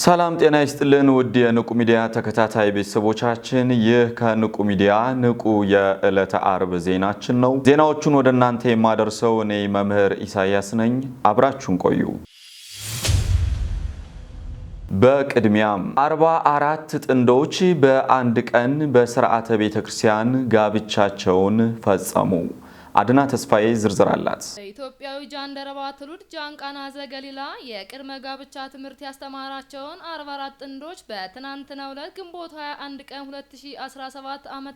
ሰላም ጤና ይስጥልን ውድ የንቁ ሚዲያ ተከታታይ ቤተሰቦቻችን፣ ይህ ከንቁ ሚዲያ ንቁ የዕለተ አርብ ዜናችን ነው። ዜናዎቹን ወደ እናንተ የማደርሰው እኔ መምህር ኢሳያስ ነኝ። አብራችሁን ቆዩ። በቅድሚያም አርባ አራት ጥንዶች በአንድ ቀን በስርዓተ ቤተ ክርስቲያን ጋብቻቸውን ፈጸሙ። አድና ተስፋዬ ዝርዝር አላት። ኢትዮጵያዊ ጃንደረባ ትውልድ ጃንቃና ዘገሊላ የቅድመ ጋብቻ ትምህርት ያስተማራቸውን 44 ጥንዶች በትናንትናው ዕለት ግንቦት 21 ቀን 2017 ዓ.ም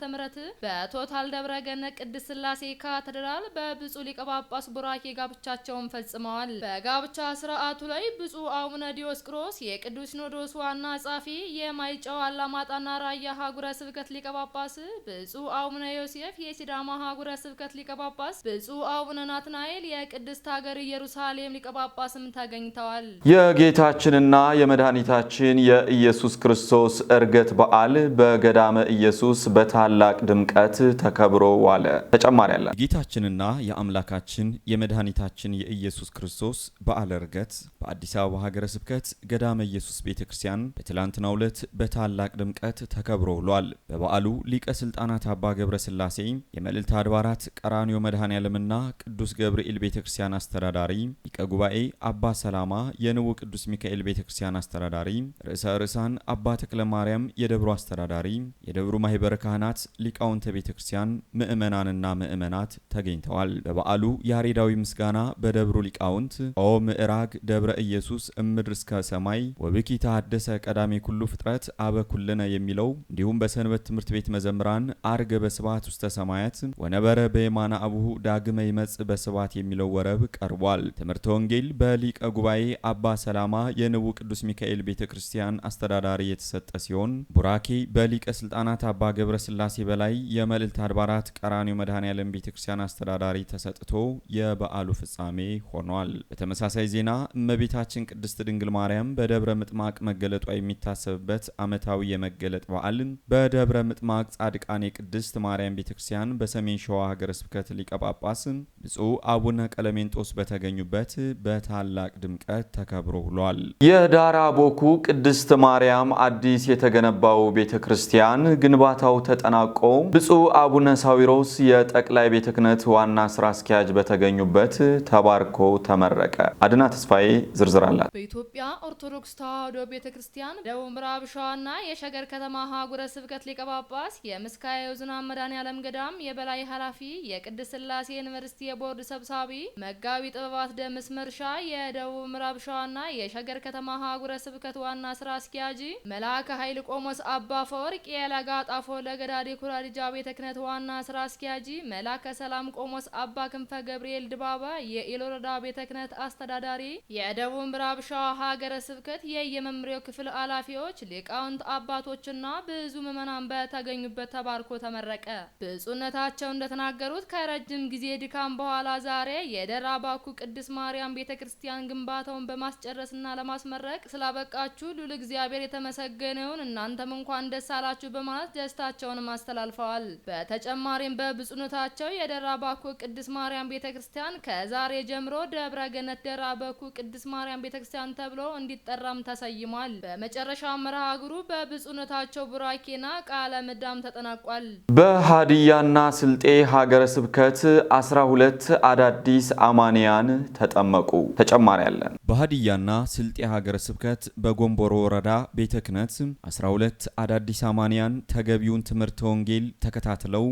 በቶታል ደብረ ገነት ቅድስት ስላሴ ካቴድራል በብፁዕ ሊቀ ጳጳስ ቡራኬ ጋብቻቸውን ፈጽመዋል። በጋብቻ ስርዓቱ ላይ ብፁዕ አቡነ ዲዮስቆሮስ የቅዱስ ሲኖዶስ ዋና ጻፊ፣ የማይጨው አላማጣና ራያ ሀጉረ ስብከት ሊቀ ጳጳስ፣ ብፁዕ አቡነ ዮሴፍ የሲዳማ ሀጉረ ስብከት ሊቀ ጳጳስ ብፁዕ አቡነ ናትናኤል የቅድስት ሀገር ኢየሩሳሌም ሊቀ ጳጳስም ተገኝተዋል። የጌታችንና የመድኃኒታችን የኢየሱስ ክርስቶስ እርገት በዓል በገዳመ ኢየሱስ በታላቅ ድምቀት ተከብሮ ዋለ። ተጨማሪ አለ። ጌታችንና የአምላካችን የመድኃኒታችን የኢየሱስ ክርስቶስ በዓለ እርገት በአዲስ አበባ ሀገረ ስብከት ገዳመ ኢየሱስ ቤተ ክርስቲያን በትላንትናው ዕለት በታላቅ ድምቀት ተከብሮ ውሏል። በበዓሉ ሊቀ ስልጣናት አባ ገብረ ስላሴ የመልእልት አድባራት ቀራኒ የቀራኒዮ መድኃኔዓለምና ቅዱስ ገብርኤል ቤተ ክርስቲያን አስተዳዳሪ ሊቀ ጉባኤ አባ ሰላማ የንቡ ቅዱስ ሚካኤል ቤተ ክርስቲያን አስተዳዳሪ ርዕሰ ርዕሳን አባ ተክለ ማርያም የደብሩ አስተዳዳሪ የደብሩ ማህበረ ካህናት ሊቃውንተ ቤተ ክርስቲያን ምእመናንና ምእመናት ተገኝተዋል። በበዓሉ ያሬዳዊ ምስጋና በደብሩ ሊቃውንት ኦ ምዕራግ ደብረ ኢየሱስ እምድር እስከ ሰማይ ወብኪ ተሐደሰ ቀዳሜ ኩሉ ፍጥረት አበ ኩልነ የሚለው እንዲሁም በሰንበት ትምህርት ቤት መዘምራን አርገ በስብሐት ውስተ ሰማያት ወነበረ በየማና አቡሁ ዳግመ ይመጽ በስባት የሚለው ወረብ ቀርቧል። ትምህርተ ወንጌል በሊቀ ጉባኤ አባ ሰላማ የንቡ ቅዱስ ሚካኤል ቤተ ክርስቲያን አስተዳዳሪ የተሰጠ ሲሆን ቡራኬ በሊቀ ስልጣናት አባ ገብረ ስላሴ በላይ የመልእልት አድባራት ቀራኒው መድኃኔዓለም ቤተ ክርስቲያን አስተዳዳሪ ተሰጥቶ የበዓሉ ፍጻሜ ሆኗል። በተመሳሳይ ዜና እመቤታችን ቅድስት ድንግል ማርያም በደብረ ምጥማቅ መገለጧ የሚታሰብበት ዓመታዊ የመገለጥ በዓልን። በደብረ ምጥማቅ ጻድቃኔ ቅድስት ማርያም ቤተ ክርስቲያን በሰሜን ሸዋ ሀገረ ስብከት ሊቀ ጳጳስ ብፁዕ አቡነ ቀለሜንጦስ በተገኙበት በታላቅ ድምቀት ተከብሮ ውሏል። የዳራ ቦኩ ቅድስት ማርያም አዲስ የተገነባው ቤተ ክርስቲያን ግንባታው ተጠናቆ ብፁዕ አቡነ ሳዊሮስ የጠቅላይ ቤተ ክህነት ዋና ስራ አስኪያጅ በተገኙበት ተባርኮ ተመረቀ። አድና ተስፋዬ ዝርዝር አላት። በኢትዮጵያ ኦርቶዶክስ ተዋሕዶ ቤተ ክርስቲያን ደቡብ ምዕራብ ሸዋና የሸገር ከተማ ሀገረ ስብከት ሊቀ ጳጳስ የምስካየ ዝናብ መድኃኔ ዓለም ገዳም የበላይ ኃላፊ የቅድስ ስላሴ ዩኒቨርሲቲ የቦርድ ሰብሳቢ መጋቢ ጥበባት ደምስ መርሻ፣ የደቡብ ምዕራብ ሸዋና የሸገር ከተማ ሀገረ ስብከት ዋና ስራ አስኪያጅ መልአከ ኃይል ቆሞስ አባ ፈወርቅ የለጋ ጣፎ ለገዳዲ ኩራዲጃ ቤተ ክህነት ዋና ስራ አስኪያጅ መልአከ ሰላም ቆሞስ አባ ክንፈ ገብርኤል ድባባ የኢሎረዳ ቤተ ክህነት አስተዳዳሪ፣ የደቡብ ምዕራብ ሸዋ ሀገረ ስብከት የየመምሪያው ክፍል ኃላፊዎች፣ ሊቃውንት አባቶችና ብዙ ምዕመናን በተገኙበት ተባርኮ ተመረቀ። ብፁዕነታቸው እንደተናገሩት ከረ ከረጅም ጊዜ ድካም በኋላ ዛሬ የደራ ባኩ ቅድስት ማርያም ቤተ ክርስቲያን ግንባታውን በማስጨረስና ለማስመረቅ ስላበቃችሁ ሉል እግዚአብሔር የተመሰገነውን እናንተም እንኳን ደስ አላችሁ በማለት ደስታቸውንም አስተላልፈዋል። በተጨማሪም በብፁዕነታቸው የደራ ባኩ ቅድስት ማርያም ቤተ ክርስቲያን ከዛሬ ጀምሮ ደብረ ገነት ደራ ባኩ ቅድስት ማርያም ቤተ ክርስቲያን ተብሎ እንዲጠራም ተሰይሟል። በመጨረሻ መርሃ ግብሩ በብፁዕነታቸው ቡራኬና ቃለ ምዳም ተጠናቋል። በሀዲያና ስልጤ ሀገረ ስብከ በረከት 12 አዳዲስ አማንያን ተጠመቁ። ተጨማሪ ያለን በሀዲያና ስልጤ ሀገረ ስብከት በጎንቦሮ ወረዳ ቤተ ክህነት 12 አዳዲስ አማንያን ተገቢውን ትምህርተ ወንጌል ተከታትለው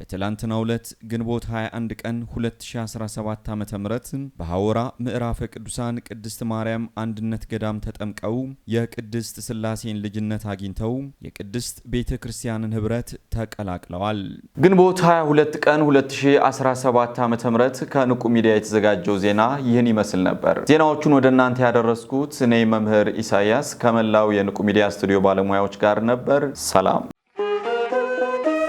በትላንትናው ዕለት ግንቦት 21 ቀን 2017 ም በሐወራ ምዕራፈ ቅዱሳን ቅድስት ማርያም አንድነት ገዳም ተጠምቀው የቅድስት ስላሴን ልጅነት አግኝተው የቅድስት ቤተ ክርስቲያንን ኅብረት ተቀላቅለዋል። ግንቦት 22 ቀን 2017 ም ከንቁ ሚዲያ የተዘጋጀው ዜና ይህን ይመስል ነበር። ዜናዎቹን ወደ እናንተ ያደረስኩት እኔ መምህር ኢሳያስ ከመላው የንቁ ሚዲያ ስቱዲዮ ባለሙያዎች ጋር ነበር። ሰላም።